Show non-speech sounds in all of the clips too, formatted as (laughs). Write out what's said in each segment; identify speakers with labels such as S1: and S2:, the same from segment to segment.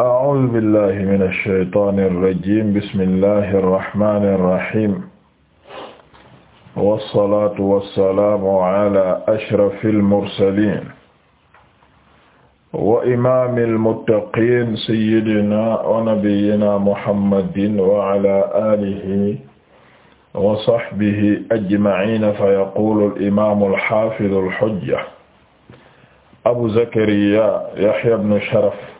S1: أعوذ بالله من الشيطان الرجيم بسم الله الرحمن الرحيم والصلاة والسلام على أشرف المرسلين وإمام المتقين سيدنا ونبينا محمد وعلى آله وصحبه أجمعين فيقول الإمام الحافظ الحجة أبو زكريا يحيى بن شرف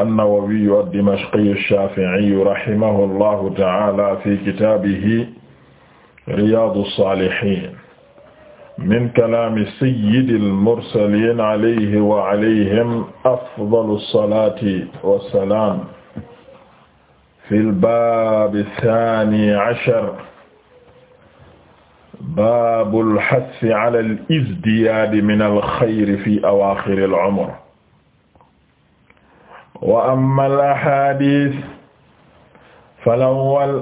S1: an-Nawawiyu ad-Dimashqiyu ash-Shafi'iyu rahimahu llahu ta'ala fi kitaabihi Riyaadu as-Saalihiin min kalaami sayyidil mursaliin alayhi wa alayhim afdalu as-salaati was-salaam fil baabi as-saani ashar baabul hassi alal izdiyaadi minal xayri fi awaaxiril umr wa amma al-ahaadiis fal-awwal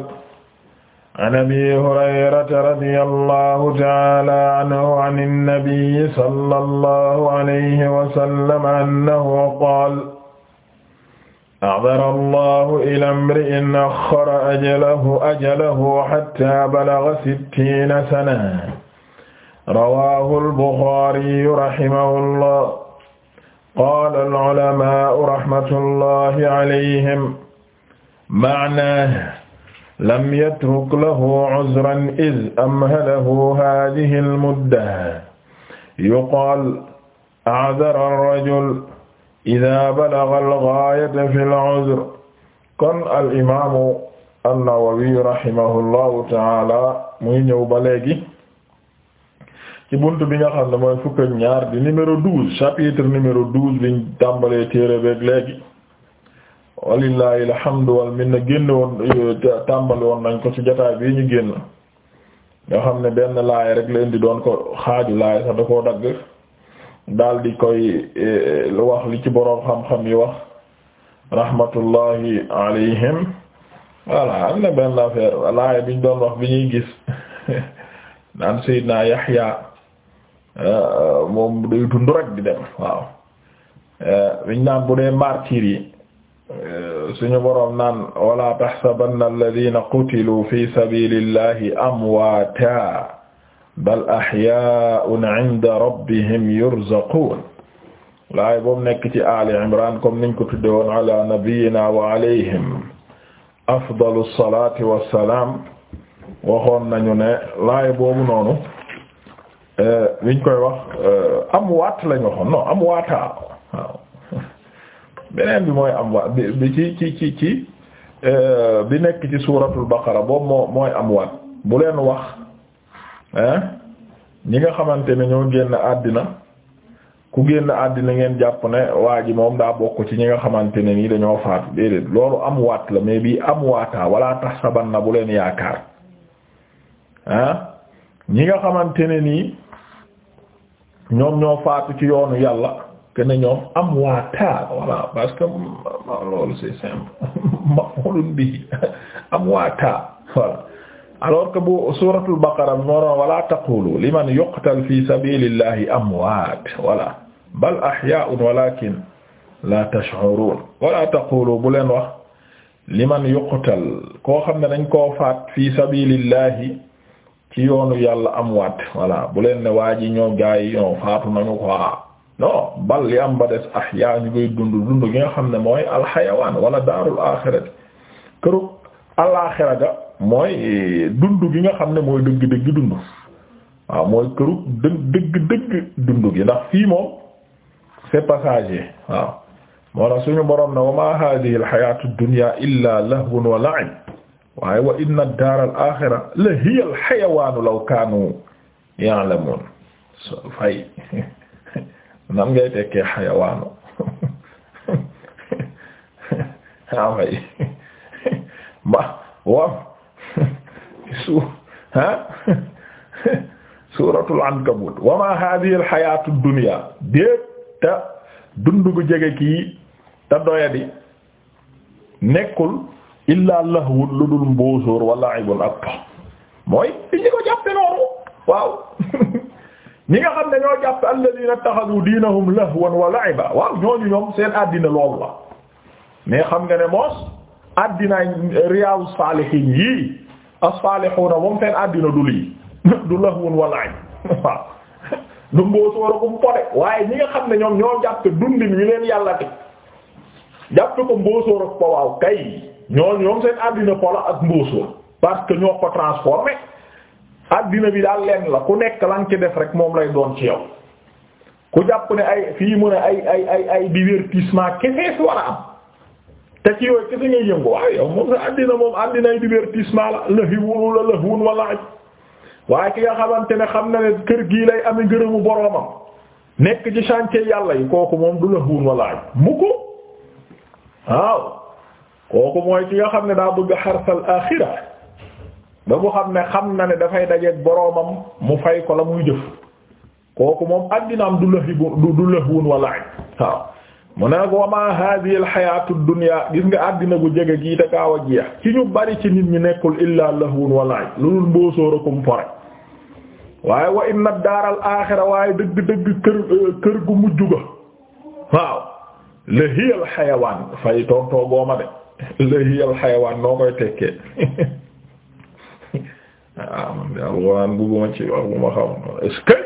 S1: an Abii Hurayrata radiyallaahu ta'aalaa anhu an an-nabiyyi sallallaahu alayhi wa sallam annahu qaala a'dara Allaahu ilaa imri'in akhkhara ajalahu ajalahu hattaa balagha sittiina sanatan rawaahu al-Buxaari rahimahullaah qaala al-ulamaa'u rahmatullahi alayhim ma'naahu lam yatruk lahu cuzran iz amhalahu haadihi al-mudda yuqaalu a'dara ar-rajul izaa balaga al-gaayata fi al-cuzr kon al-imaamu an-Nawawi rahimahullahu ta'aala muy ñëw ba léegi ci buntu bi nga xam ne mooy fukk ak ñaar di numéro douze chapitre numéro douze biñ tàmbalee téere beeg léegi walillahi alhamdu wal minna génn woon tàmbali woon nañ ko ci jotaay bii ñu génn ñoo xam ne benn laay rek leen di doon ko xaaju laay sax da koo dagg dal di koy eh, wax li ci boroom xam-xam yi wax rahmatullahi alayhim voilà am na benn affaire laay biñ doon wax bi ñuy gis (laughs) naan Seydina Yahya Euh, moom day dund rek di dem waaw liñ euh, naan bu dee martyrs yi euh, suñu boroom naan wala tahsabanna alladhina qutilu fi sabilillahi amwaata bal ahyaa'un 'inda rabbihim yurzaqun laay boobu nekk ci Ali Imran comme niñ ko tudde woon ala nabiyyina wa alayhim afdalu salaati wassalaam waxoon nañu ne laay boobu noonu liñ euh, koy wax euh, amwaat lañ waxoon non amwaata waaw beneen bi mooy amwaat bi bi ci ci ci ci euh, bi nekk ci suuratul baqara boobu moo mooy amwaat bu leen wax ñi nga xamante ne ñoo génn àddina ku génn àddina ngeen jàpp ne waa ji moom daa bokk ci ñi nga xamante ne nii dañoo faatu déedéet loolu amwaat la mais bii amwaata wala tax saban na bu leen yaakaar ah ñi nga xamante nii ñoom ñoo faatu ci yoonu yàlla que ne ñoom am waata voilà parce que loolu c'est simple mafulun bi am waata voilà alors bu suuratul baqara bi moo wala taqulu liman yuqtal fi sabilillahi amwaat voilà bal ahyaa'un walakin la taqulu bu leen wax liman yuqtal koo xam ne dañ koo ci yoonu yàlla am waat voilà bu leen ne waa ji ñoo gaa yi ñoo faatu nañu ko non bal li ba des ahya ñu koy dund dund gi nga xam ne mooy alxayawaan wala mooy dund gi nga xam ne mooy dëgg-dëgg dund waaw mooy këru dëgg dëgg dund gi ndax fii moom c'est passager waaw moo tax suñu borom ne wa ma hadhihi alxayatu dunya illa lahwun wa la'ib waaye wa inna daar al axira la hiya al law kaanu ya'lamuun so fay (laughs) nan ngay tekkee xayawaanu (laughs) ah fay ma (laughs) waaw su ah wa maa haadihi al xayaatu déet te dundu jege kii te doyadi nekkul. illaa lahwun lu dul mbóosóor wala ibun ak po mooy ñi ko jàppe noonu waaw (laughs) ñi nga xam ne ñoo jàpp alladina taxadu diinahum lahwan wa la'iba waaw ñooñu ñoom seen àddina loolu la mais xam nga ne moos àddina riyaadu saalihiin yii as-saalihuuna moom seen àddina du lii (laughs) du lahwun wa la'ib (laughs) du mbóosóor akum waaye ñi nga xam ne ñoom ñoo jàppe dundin wi leen yàlla te jàppe ko mbóosóor ak waaw kay ñoo ñoom seen àddina pola ak mbuus parce que ñoo ko transformé àddina bi daal lenn la ku nekk lan ci def rek moom lay doon ci yow ku jàpp ne ay fii mu ne ay ay ay ay kese su war a am te ci yooyu kese ngay yëngu waaye yow moom sa àddina moom àddina ay divertissement la lahiwul la lahun wala aj waaye ki nga xamante ne xam na ne kër gii lay ame ngërëmu boromam nekk ci chantier yàlla yi kooku moom du lahun wala aj mu waaw kooku mooy ci nga xam ne daa bëgg xarsal aaxira ba mu xam ne xam na ne dafay dajeek boroomam mu fay ko la muy jëf kooku moom addinaam du lahibu du lahwun wala ay waaw wa ma hadhihi gii te a jeex ci bari ci nit ñi nekkul illa wa inna daaral aaxira waaye dëgg dëgg kër gu mujj ga waaw la xayawaan fay tontoo gooma de lahiyal xayawaan noo koy tekkee waaw ah, man de alxuraan bugguma ci wax ma xam est-ce que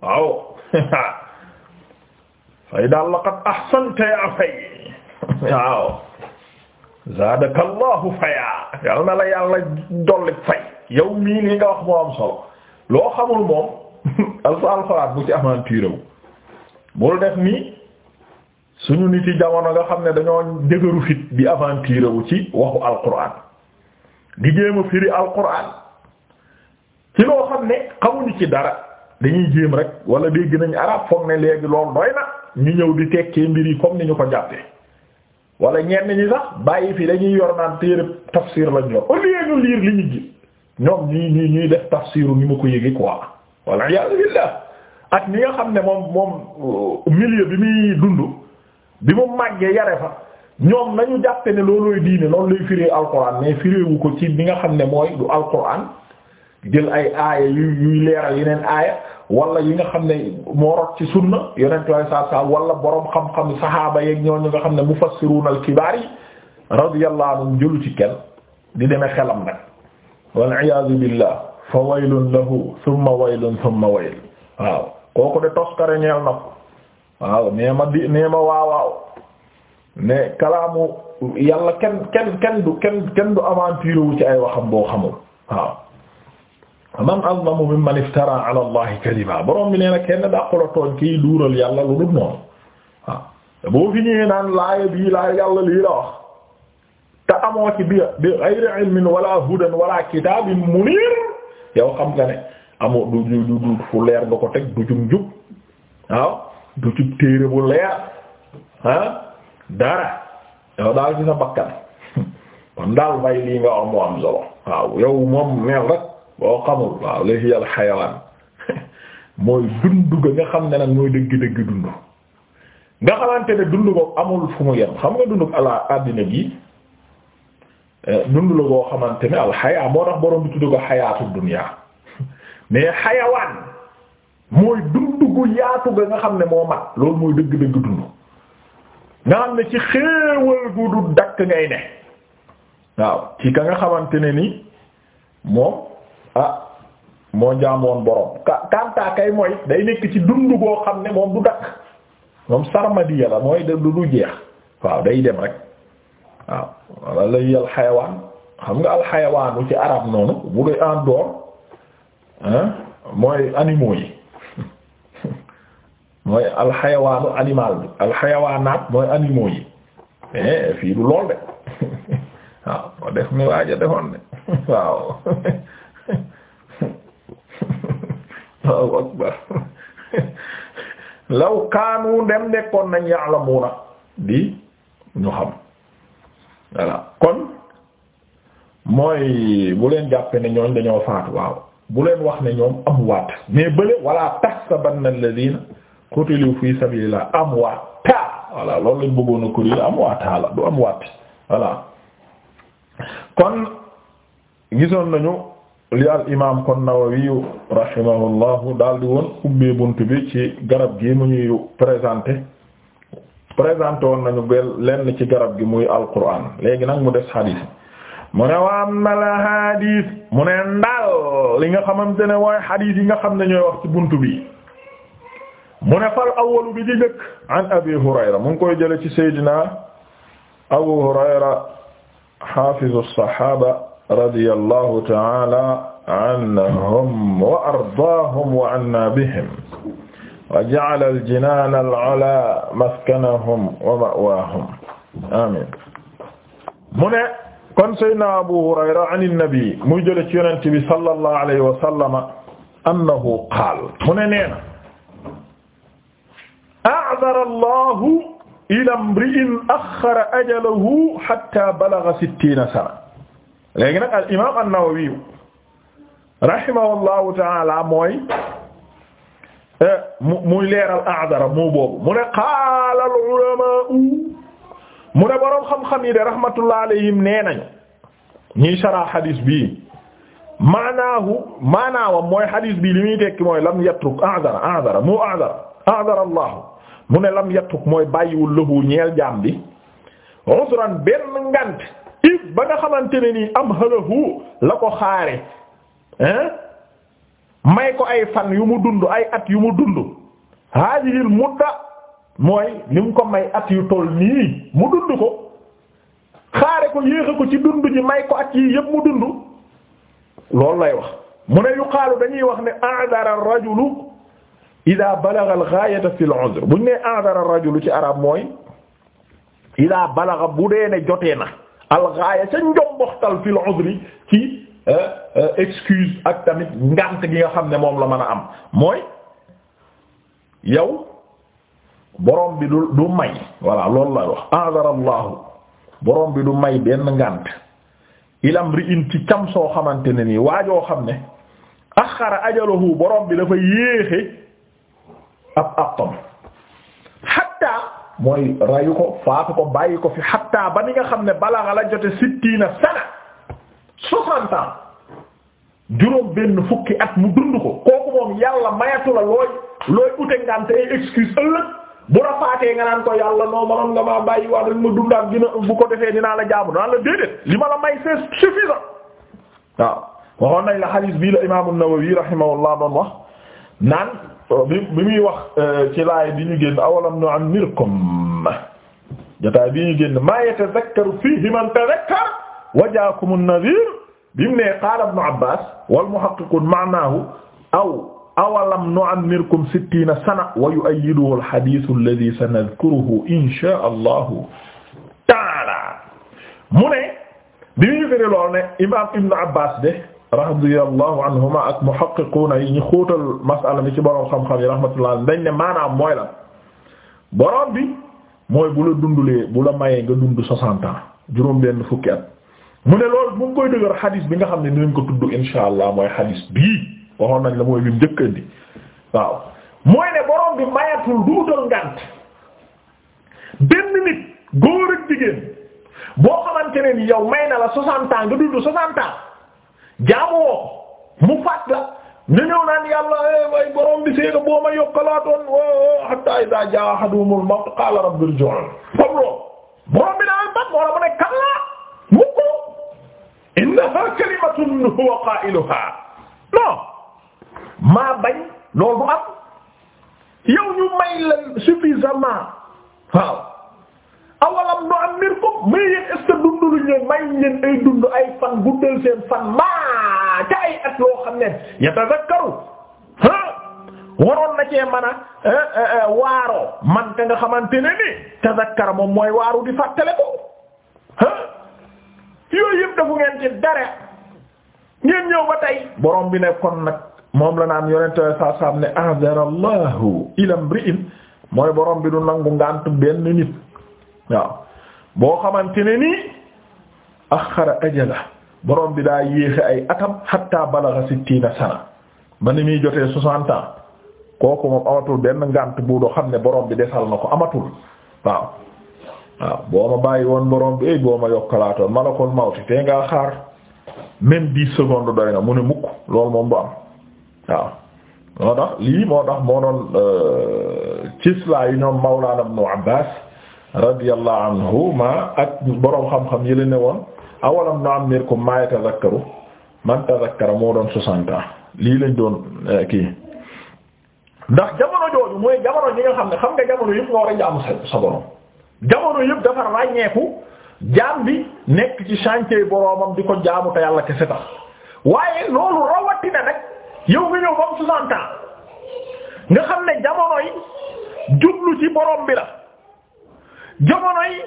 S1: waaw (laughs) fay daal laqad ahsanta yaa fay waaw zaadaka allahu fayaa yal na la yàlla dolli fay yow mii li nga wax moo am solo loo xamul moom (laughs) alxuraan bu ci aventure wu bul def nii suñu nit yi jamono nga xam ne dañoo dëgëru fit di aventure wu ci waxu alquran di jéem a firi alquran ci loo xam ne xamuñu ci dara dañuy jéem rek wala dégg nañu arab foog ne léegi loolu doy na ñu ñëw di tekkee mbir yi comme ni ñu ko jàppee wala ñenn ñi sax bàyyi fi dañuy yor naan téere tafsir lañ yor au lieu ñu liir li ñu gi ñoom ñuy ñuy def tafsiru ni ma ko yëgee quoi wala yàlla billah ak ñi nga xam ne moom moom euh, milieu bi muy dund. bi mu màggee yare fa ñoom nañu jàppe ne loolooy diine noonu lay firee alquran mais fireewu ko ci bi nga xam ne mooy du alquran jël ay aaya yu yuy leeral yeneen aaya walla yi nga xam ne moo rot ci sunna yonentu ay saa saa wala boroom xam-xam saxaaba yeeg ñooñu nga xam ne mufassiruna alkibaar yi radiyallahu anhum jëlu ci kenn di demee xelam nag wal iyaazu billah fa waylun lahu thumma waylun thumma wayl waaw kooku de toskare ñeel na ko waaw nee ma di nee ma waawaaw ne kalaamu yàlla kenn kenn kenn du kenn kenn ci ay waxam boo xamul waaw man azlamu mimman iftara ala allahi kadiba borom bi na kenn dàqula tooñ kii duural yàlla lu dul noonu waaw boo fi ñëwee naan laaya bii laaya yàlla lii wax te amoo ci bi bi ghayri ilmin wala hudan wala kitaabin munir yow xam nga ne amoo du du du fu leer nga ko teg du jum jub waaw du ci téere bu leer ah dara yow daal ci sa bakkan (laughs) kon daal bay lii nga wax moo am solo waaw yow moom mel rek boo xamul waaw la hiyal xayawaan (laughs) mooy dund ga nga xam ne nag mooy dëgg-dëgg xamante ne dund boobu amul fu mu yem xam nga dund ala àddina gi eh, dund la boo xamante ne al xayaa moo tax borom bi tudd ko xayaatu dunya (laughs) mais xayawaan mooy dundu gu yaatu ga nga xam ne moo mat loolu mooy dëgg-dëgg dund nga xam ne ci xéewal gu du dakk ngay ne waaw ci ka nga xamante ne nii moom ah moo jaamoon borom ka kantaa kay mooy day nekk ci dund goo xam ne moom du dakk moom sarmadiya la mooy du du jeex waaw day dem rek waaw walla lay alxayawaan xam nga alxayawaanu ci arab noonu bu dee en dehors mooy animaux yi mooy alxayawaanu animal bi alxayawaanaat mooy animaux yi eh fii du lool de (laughs) waaw ko def ni waaja defoon de (laughs) waaw waaw (laughs) akbar law kaanu dem nekkoon nañ ya'lamuna di ñu xam voilà kon mooy bu leen jàppe ne ñooñ dañoo faatu waaw bu leen wax ne ñoom amwaat mais bële wala tahsabanna alladhina qutilu fi sabilillah amwaata voilà loolu lañ bëggoon a kuréel amwaata la du amwaat voilà kon gisoon nañu li al imaam kon Nawawi rahimahullahu daal di woon ubbee bunt bi ci garab gi mu ñuy présenté présenté woon nañu benn lenn ci garab gi muy alquran léegi nag mu des xadiis mu ne waa mala xadiis mu ne ndaal li nga xamante ne mooy xadiis yi nga xam ne ñooy wax ci bunt bi. mu ne fal awwalu bi di njëkk an abi hurayra mu ngi koy jële ci seydina abu hurayra hafizu sahaba radiyallahu ta'ala anhum wa ardaahum wa anna bihim wa ja'ala al-jinaan al-'alaa maskanahum wa ma'waahum amiin mu ne kon seydina abu hurayra an an-nabi muy jële ci yonent bi sallallahu alayhi wa sallama annahu qaal mu ne neena a'dara Allahu ila mri'in akhara ajalahu hatta balagha sittiina sana léegi nag al imaam an-Nawawi rahimahullahu ta'ala mooy muy leeral a'dara moo boobu mu ne qaala al ulamaa'u mu ne boroom xam-xam yi de rahmatullah alayhim nee nañu ñiy sarah hadis bii maanaahu maanaawam mooy hadis bii li muy tekki mooy lam yatruk a'dara a'dara mu a'dara a'dara Allah mu ne lam yatuk mooy bàyyiwul lëhu ñeel jaam bi usran benn ngant it ba nga xamante ne nii am halahu la ko xaare hein may ko ay fan yu mu dund ay at yu mu dund haajihil mudda mooy li mu ko may at yu toll nii mu dund ko xaare ko yéexa ko ci dund ji may ko at yii yépp mu dund loolu lay wax mu ne yuqaalu dañuy wax ne a'dara rajulu ida balagha al-ghaayata fi al-'udhr buñ nee a'dara ar ci arab mooy ida balagha bu dee ne jotee na al-ghaaya ca njomboxtal fi al-'udhri ci euh, euh, excuse ak tamit ngant gi nga xam ne moom la mën a am mooy yow boroom bi du du may voilà loolu la wax a'dara Allahu borom bi du may benn ngant ilam ri'in ci cam soo xamante ne nii waajoo xam ne axara ajalahu borom bi dafa yéexe ab àppam mooy rayu ko faatu bàyyi ko fi xatta ba ni nga xam ne balaa xala jote sittiina sana soixante juróom benn fukki at mu dund ko kooku moom yàlla mayatu la looy looy ute ngante ay excuse ëllëg bu rafaatee nga naan ko yàlla noo manoon nga maa bàyyi waa dañ ma dundaat dina bu ko defee dinaa la jaamu dinaa la déedéet li ma la may c'est suffisant waaw waxoon nañ la xadiis bii la imaamu Nawawi rahimahullah doon wax bi bi muy wax euh, ci laay bi ñu génn awalam nu'ammirkum jotaay bi ñu génn ma yatazakkaru fiihi man tazakkara wa jaakum an-nadhir bi mu ne qaala ibnu Abbaas wal muhaqqiqun ma'naahu aw awalam nu'ammirkum sittiina sana wa yu'ayyiduhu al-hadiith alladhii sanadhkuruhu inshaa Allahu ta'aalaa mu ne bi ñu gënee lool ne imaam ibnu Abbaas de radiyallahu anhuma ak muhaqqiquna yi ñu xóotal masala mi ci boroom xam-xam yi rahmatullah dañ ne maanaam mooy la boroom bi mooy bu la dundulee bu la mayee nga dund soixante juróom benn fukki at mu ne loolu mu koy dëgër xadiis bi nga xam ne dinañ ko tudd insha allah mooy xadiis bii waxoon nañ la mooy bi mu njëkkandi waaw mooy ne boroom bi mayatul duutal ngànt benn nit góor ak jigéen boo xamante ne ni yow may na la soixante nga dund soixante jaamu woo ko mu faat la ñu ñëw naan yàlla eh, way borom bi seega boo ma yokkalaatoon eh, eh, hatta iza jaa ahaduhumul mawt qaala rabbi irji'uun comme loolu borom bi daal bat moo la mu ne kalla mu ko innahaa kalimatun huwa qaa'iluhaa non maa bañ loolu du am yow ñu may la suffisamment waaw awalam nu am mbir ko mais yéen est ce dundu lu ñu may leen ay dund ay fan guddal seen fan maa ca ay at yoo xam ne yatazakkaru ah waroon na cee mën a eh, eh, eh, waaroo man te nga xamante ne ni tazakkara moom mooy waaru di fàttale ko ah yooyu yëpp dafu ngeen ci dara ngeen ñëw ba tey borom bi ne kon nag moom la naan yonente saa saam ne azara allahu ila mooy borom bi du nangu ngànt benn nit waaw boo xamante ne nii axara ajala borom bi daa yéexe ay atam hatta balagha sittina sana ba ni muy jotee soixante ans kooku moom amatul benn ngànt bu doo xam ne boroom bi desal na ko amatul waaw waaw boo ma bàyyi woon borom bi ay eh, boo ma yokkalaatoo malakul mawti te ngaa xaar même dix secondes doy na mu ne mukk loolu moom du am waaw moo tax lii moo tax moo doon euh, cislaa yi ñoom Mawlaana Ibnu Abbaas radiyallahu anhuma ak boroom xam-xam yi ne woon awalam nu'ammirkum ma yatadhakkaru man tadhakkara moo doon soixante ans lii lañ doon eh, kii ndax jamono jooju mooy jamono ñi nga xam ne xam nga jamono ko jaamu yàlla kese tax yi jublu ci borom bi la. jamono yi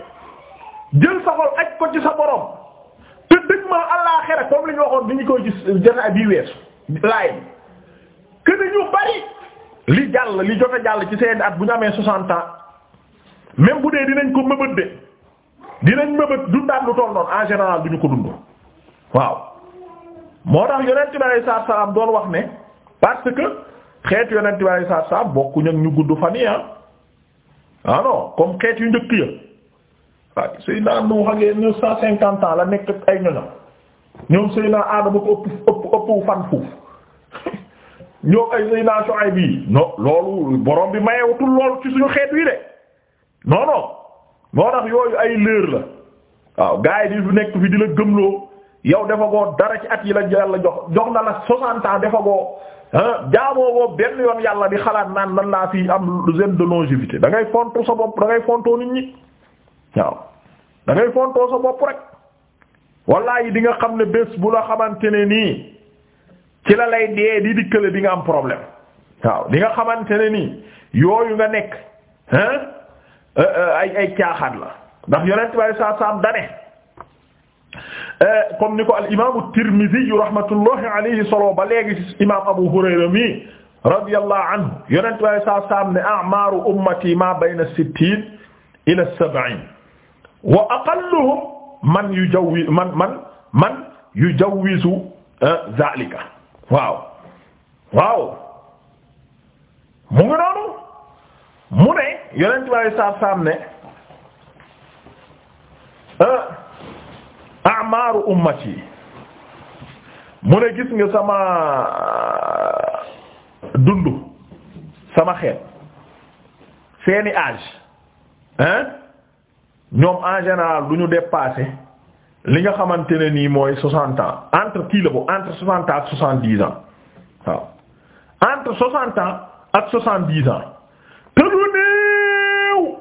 S1: jël sa xol aj ko ci sa borom te dëgg ma àllaaxira comme li ñu waxoon bi ñu koy gis jotaay bii weesu laay que ñu bari li jàll li jot a jàll ci seen at bu ñu amee 60 ans même bu dee dinañ ko mëbët de dinañ mëbët dundaat lu toll noonu en général du ko dund waaw. moo tax yonent bi alayhi salaam doon wax ne parce que xeetu yonent bi alayhi salaam bokku ak ñu gudd fan yi ah. ah comme xeet yu njëkk ya waaw ah, Seydina Nuux ak yéen neuf cent cinquante ans la nekk ay ñoñam ñoom Seydina Aadama ko ëpp ëpp ëpp fan fuuf (laughs) ñoom ay Seydina Shuayb bi non loolu borom bi mayewutul loolu ci suñu xeet wi de non non yooyu ay leer la waaw gars yi di nekk fi di la gëmloo yow dafa dara ci at yi la Yàlla jox jox na la soixante ans dafa jaamoo boobu benn yoon yàlla di xalaat naan nan laa fi am zone de longévité da ngay fonto sa bopp da ngay fontoo nit ñi waaw da fontoo sa bopp rek wallaahi di nga xam ne bés bu la xamante ne nii ci la lay dee di dikkale di nga am problème waaw di nga xamante ne nii yooyu nga nekk hein euh, euh, ay ay caaxaan la ndax yonent bi saa alayhi am dane Eh, comme ni ko al imaamu Tirmidhi rahmatullahi alayhi solo ba léegi ci imaam Abu Hurayra mi radiyallahu anhu yonent waaye saa saam ne a'maaru ummati ma bayna sittin ila sab'in wa aqalluhum man yujawwi man man man yujawwizu eh, zaalika waaw waaw mu ngi noonu mu ne yonent waaye saa saam ne eh, amaaru ummati mu ne gis nga sama euh, dund sama xet seeni âge hein ñoom en général du ñu dépasser li nga xamante ne nii mooy soixante ans entre kii la bo entre soixante ans ak soixante dix ans waaw entre ak soixante dix te lu néew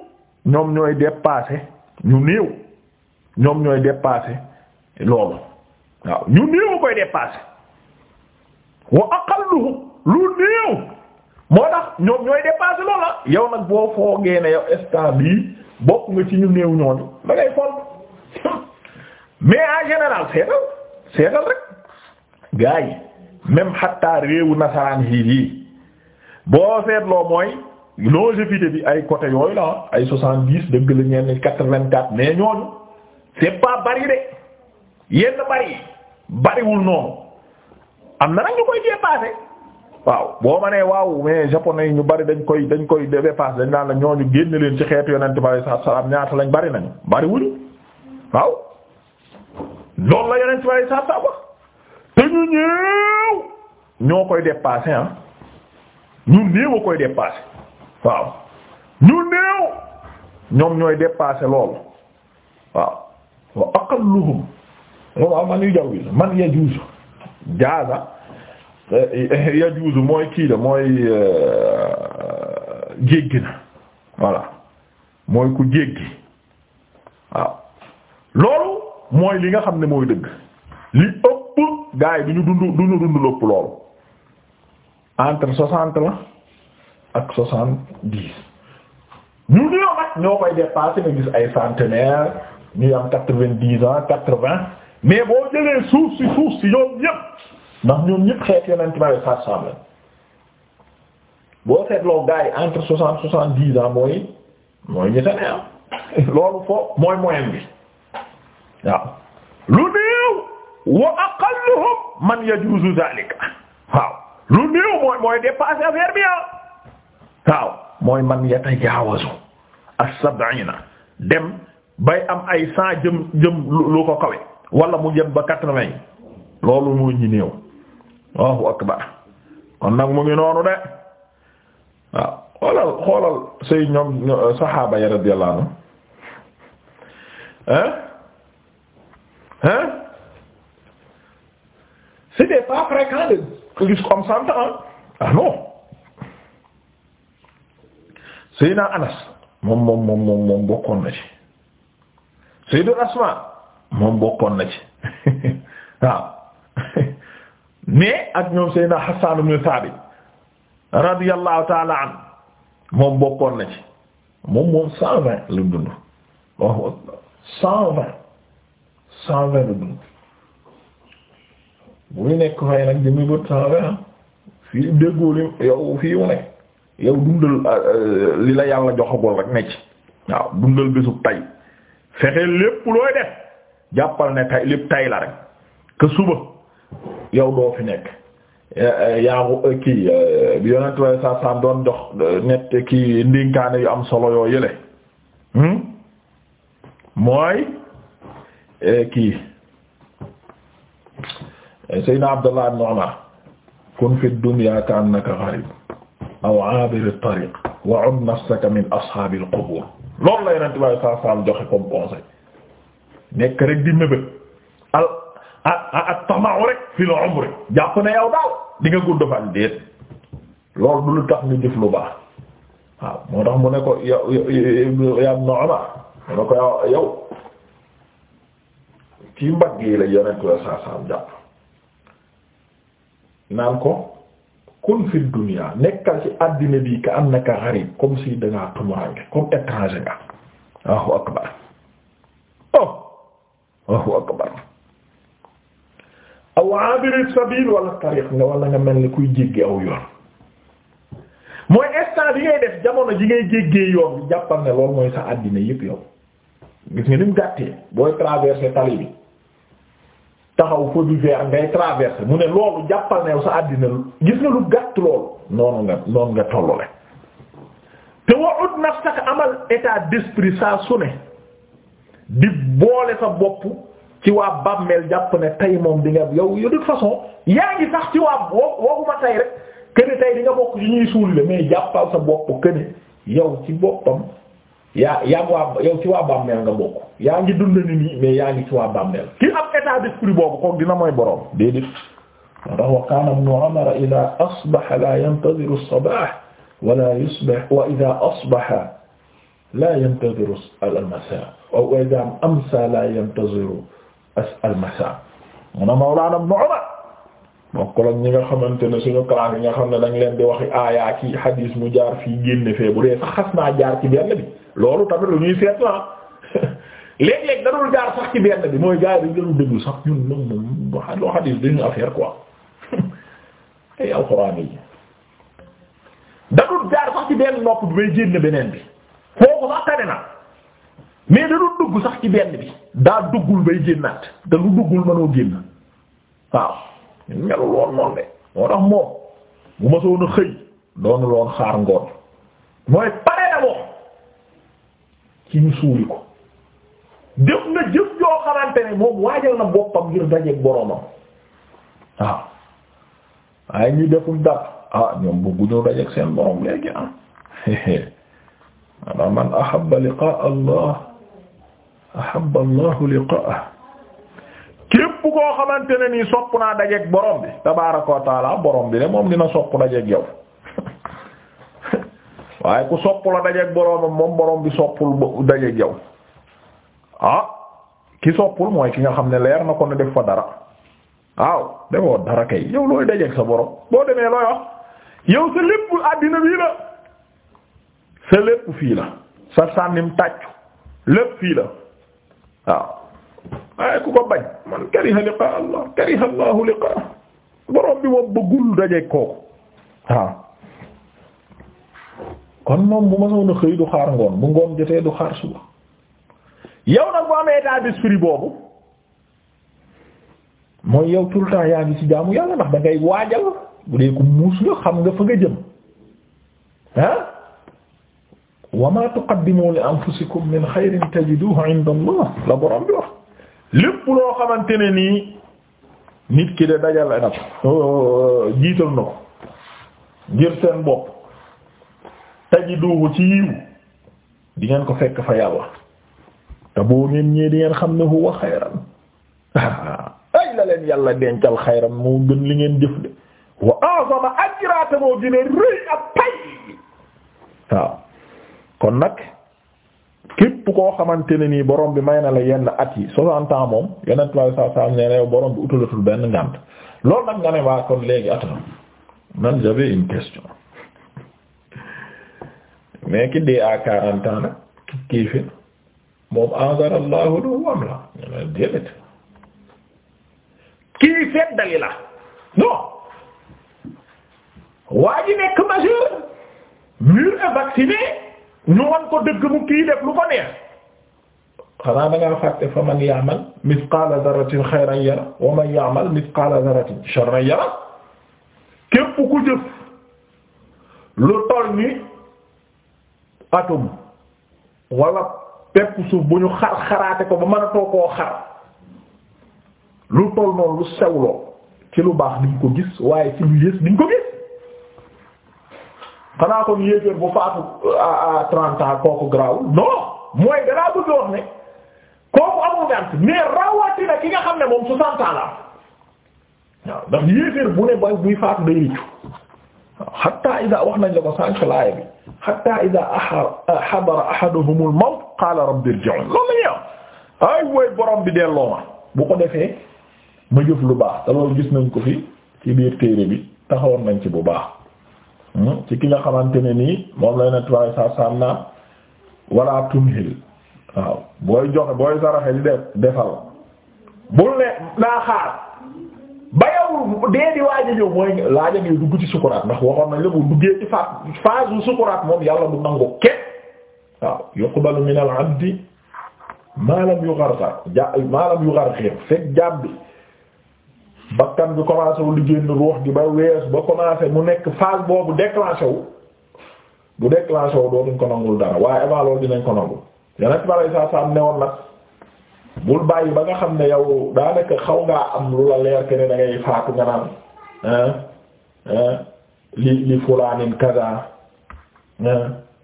S1: ñoom ñooy dépasser ñu néew ñoom ñooy dépasser loolu waaw ñu néew koy dépasser wa aqalluhu lu néew moo tax ñoom ñooy dépasser loolu la yow nag boo foogee ne yow instant bokk nga ci ñu néew ñooñu da ngay fol mais en général seetal seetal rek gars yi même xatta réewu nasaraan yi yi boo seetloo mooy longévité bi ay côté yooyu la ay soixante-dix dëgg la ñenn quatre-vingt-quatre mais ñooñu c'est pas bari de yenn bari bariwul noonu am na nag ñu koy dépasser waaw boo ma nee waaw mais japonais yi ñu bari dañ koy dañ koy dépasser dañ naan la ñooñu génn leen ci xeetu yonent bi sallallahu alayhi ñaata lañ bari nañu bariwuñu waaw loolu la yonent bi sallallahu alayhi wasallam te ñu ñëw ñoo koy dépasser ah ñu néew a koy dépasser waaw ñu néew ñoom ñooy dépasser loolu waaw. wa aqalluhum waaw man yujawiz man yajuz jaaza eh, yajuz mooy kii la mooy eh, jéggi na voilà mooy ku jéggi waaw loolu mooy li nga xam ne mooy dëgg li ëpp gars yi du ñu dund du ñu dund loolu entre soixante la ak soixante dix ñu ñëw nag ñoo koy dépasser nga gis ay centenaire ñuy am quatre-vingt-dix boo jëlee suuf si suuf si ñoom ñépp ndax ñoom xeet yonent bi sallallahu alayhi wasallam boo seetloo gars yi entre soixante soixante-dix ans mooy mooy ñu tane ah. (laughs) loolu fo mooy moyenne bi waaw lu néew wa man yajuzu zalika waaw lu néew mooy mooy dépasser affaire bi ah. waaw mooy man yatajaawazu as dem bay am ay saa jëm jëm lu ko kawe wala mu jëm ba quatre-vingts loolu moo ñi néew Allahu akbar kon nag mu ngi noonu de waaw xoolal xoolal say ñoom saxaaba ya radiyallahu anhu hein hein c'était pas ah moom moom moom moom bokkoon na ci Sayyidu Asma moom bokkoon na ci (laughs) waaw (laughs) mais ak ñoom Sayyidina Hassan ibn Thabit radiyallahu ta'ala an moom bokkoon na ci moom moom cent lu dund Allahu akbar cent vingt lu dund buy nekk fay nag jëmi bët cent ah. fii déggoo li yow fii mu nekk yow dundal ah, euh, li la yàlla joxagul rek ne ci waaw dundal bésub tay fexe lépp looy def jàppal ne tay lépp tay la rek que suba yow doo fi nekk yaagu euh, kii euh, bi yonent way sa sam doon jox euh, net kii ndénkaane yu am solo yoo yële hmm? mooy kii Seydina Abdullah ibn Umar kun fi dunya ka annaka gharib aw abir at-tariq wa'ud nafsaka min ashabil qubur loolu la yonent bi saa saam joxe comme conseil nekk rek di mébét al a ak tamaa rek fi la umri jàpp ne yow daal di nga gudd fan déet loolu du lu tax ñu jëf lu baax waaw moo tax mu ne ko yow yaa Ibn Umar mu ne ko yow ci mbagg yi la yonent bi saa saam jàpp naan ko. kun fi dunya nekkal ci àddina bi ka annaka gharib comme si dangaa tumurange comme étranger nga Allahu akbar oh Allahu akbar aw abiri sabil wala tariq nga wala nga mel ni kuy jéggi aw yoon mooy instant bi ngay def jamono ji ngay jéggee yoon jàppal ne loolu mooy sa àddina yëpp yow gis nga ni mu gàttee booy traverser tali bi taxaw feu vert ngay traversé mu ne loolu jàppal ne sa àddina gis nga lu gàtt loolu noonu nga noonu nga tollule te wa'ud nafsaka amal état d'esprit saa su ne di boole sa bopp ci waa bàmmeel jàpp ne tey moom di nga yow yow de façon yaa ngi sax ci waa woo wooguma tey rek këne tey di nga bokk ci ñuy suul mais jàppal sa bopp këne yow ci boppam yaa yaa waa yow ci waa bàmmeel nga bokk yaa ngi dund ni nii mais yaa ngi ci waa bàmmeel ki am état d'esprit boobu kooku dina mooy boroom déedéet ndax wa kaana ibnu umar ida asbaha la yantaziru as-sabah wa la yusbih wa ida asbaha la yantaziru al-masa wa ida amsa la yantaziru al-masa mun mawlaana ibnu umar bokkul ak ñi nga xamante ne suñu classe yi nga xam ne dañ leen di waxi aayaa ki hadis mu jaar fii génn fee bu dee sax xas naa jaar ci benn bi loolu tamit lu ñuy seet ah. la (laughs) léeg-léeg danul jaar sax ci benn bi mooy gars yi dañu déglu sax ñun moom moom wax loo xam (laughs) sax ci benn nopp bi bay génn beneen bi foofu sax tane na mais danul dugg sax ci benn bi daa duggul bay génnaat te lu duggul mënoo génn waaw ñun melul woon noonu de moo tax moom bu ma soon xëy doonul woon xaar ngoon mooy ci ñu suuli ko def na jëf yoo xamante ne moom waajal na boppam ngir dajeek boromam waaw waaye ñi deful dara ah ñoom bëgguñu dajeek seen borom léegi ah maanaam (laughs) man ahabba liqaa allah ahabba allahu liqaa'ah képp koo xamante ne nii sopp naa dajeek borom bi tabaaraka wa borom bi de moom dina sopp dajeek yow waaye ku sopp la dajeek boroomam moom boroom bi soppul dajeek yow ah ki soppul mooy ki nga xam ne leer na ko ne def fa dara waaw defoo dara kay yow looy dajeek sa boroom boo demee looy wax yow sa lépp àddina bii la sa lépp fii la sa sànnim tàccu lépp fii la waaw waaye ku ko bañ man kariha liqa allah kariha allahu boroom bi moom bëggul dajeek kooku waaw kon moom bu ma soon a xëy du xaar ngoon bu ngoon jotee du xaar suba yow nag bu amee état boobu mooy yow tout yaa ngi ci jaamu yàlla ndax da ngay waajal bu dee ko muus nga xam nga fa nga jëm ah wa ma tuqaddimu li anfusikum min xayrin tajiduhu inda allah la borom bi wax lépp loo xamante ne nit ki de dajal na ko jiital na ko ngir seen bopp tajiduhu ci yiw di ngeen ko fekk fa yàlla te boo ngeen ñëwee ngeen xam ne huwa xayran (laughs) ay la leen yàlla dencal xayran moo gën li ngeen jëf de wa a'zama ak pay kon nag koo xamante ne nii borom bi may na la yenn at yi soixante ans moom yeneen trois cent cent nee na yow bi utalatul benn ngànt loolu nag nga ne waa kon léegi at man j'avais une question. mais ki dee à quarante ans moom anzar allahu lu wam la ñu ne déedéet kii feddali la non waa ji nekk majeur mûr mu kii lu ko neex xanaa da ngaa fàtte fa man ya'mal mithqala dharratin khayran yara wa ku jëf lu toll atum wala pepp suuf bu ñu xar xaraate ko ba mën a too koo xar lu toll noonu lu sewloo ci lu baax diñ ko gis waaye ci lu yées diñ ko gis xanaa kon yéeféer bu faatu à kooku garaawul non mooy danaa bëgg wax ne kooku amul gànt mais rawatina ki nga xam ne moom soixante ans waaw ndax yéeféer bu ne ba buy faatu day rëccu hatta ida wax nañ la ko sànq laaya bi hatta ida hadara ahaduhumul mawt qaala rabbi irji'un loolu la ñuy am ay woy borom bi delloo ma bu ko defee ma jëf lu baax te loolu gis nañ ko fi ci biir téere bi taxawoon nañ ci bu baax hmm? ci ki nga xamante ne nii moom lay nett waaye sa saam naa wala tumhil waaw booy joxe booy saraxe di def defal bul ne naa xaar dee di waaj a ñëw mooy laaja ngay dugg ci sukuraat ndax waxoon nañ la duggee ci fa phase yu sukuraat moom yàlla du nangu kenn waaw yuqbalu min al abdi ma lam yugharghar ja commencé wu di génn ruux gi ba weesu ba commencé mu nekk phase boobu déclenché wu bu déclenché wu dootuñ ko nangul dara waaye avant loolu dinañ ko nangul yeneen ci ma saa saa am ne woon nag. bul bàyyi ba nga xam ne yow daanaka xaw ngaa am lu la leer ke ne da ngay faatu nga naan li li fulaanin kaza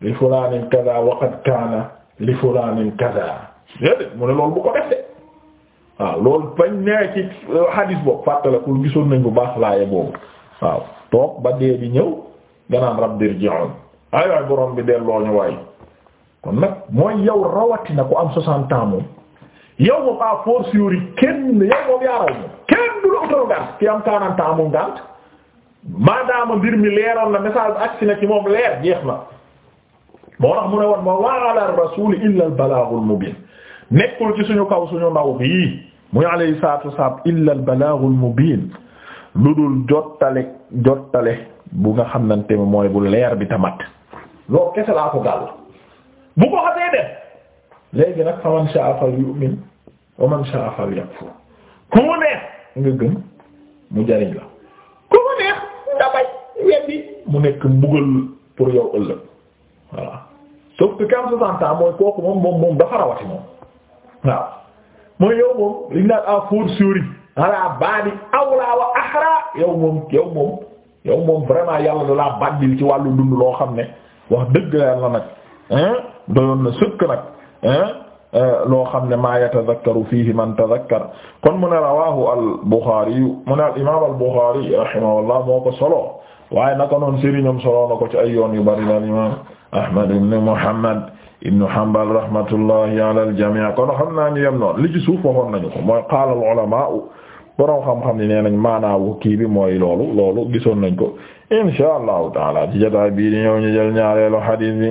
S1: li fulaanin kaza waqad kaana li fulaanin kaza déedéet mu ne loolu bu ko def waaw loolu bañ nee ci boobu fàttalakul gisoon nañ bu baax laaye boobu waaw toog ba dee bi ñëw ganaan rab dirji'un ay waay borom bi delloo ñu waay kon nag mooy yow rawatina ku am soixante ans yow moom à force yori kenn yow moom yaaraw moom kenn du la utal ngant ki am 40 ans amul ngant maadaama mbir mi leeroon na message agsi na ci moom leer jeex na moo tax mu ne woon ma wa ala rasul illa al mubin nekkul ci suñu kaw suñu ndaw yi muy alayhi salatu wassalam illa al mubin lu dul jottale jottale bu nga xamante mooy bu leer bi tamat loolu kese laa ko gàll bu ko xamee def léegi nag fa man sha'a falyu'min wa man sha'a falyakfur ku mu neex nga gëm mu jariñ la ku mu neex nga weddi mu nekk mbugal pour yow ëllëg voilà sauf que quinze soixante ans mooy kooku moom moom dafa rawati moom waaw mooy yow moom liñ naan à fortiori ala baadi awla wa ahra yow moom yow moom yow vraiment yàlla da laa baddil ci wàllu dund loo xam ne wax dëgg la yàlla nag doyoon na sëkk nag Euh, loo xam ne maa yatadakkaru fiihi man tadakkar kon mu ne rawaahu al-Bukhari mu ne al-imaam al-Bukhari rahimahullah moo ko solo waaye naka noonu sëriñam solo na ko ci ay yoon yu bari la imaam Ahmad ibn Muhammad ibn Hanbal rahmatullahi ala al-jamii' kon xam naa ñu yem noonu li ci suuf waxoon nañu ko mooy qaala al-ulamaa borom xam-xam ni nee nañ maanaawu kii bi mooy loolu loolu gisoon nañ ko inshaa Allahu taala ci jotaay bii di ñëw ñu jël ñaareelu hadiis bi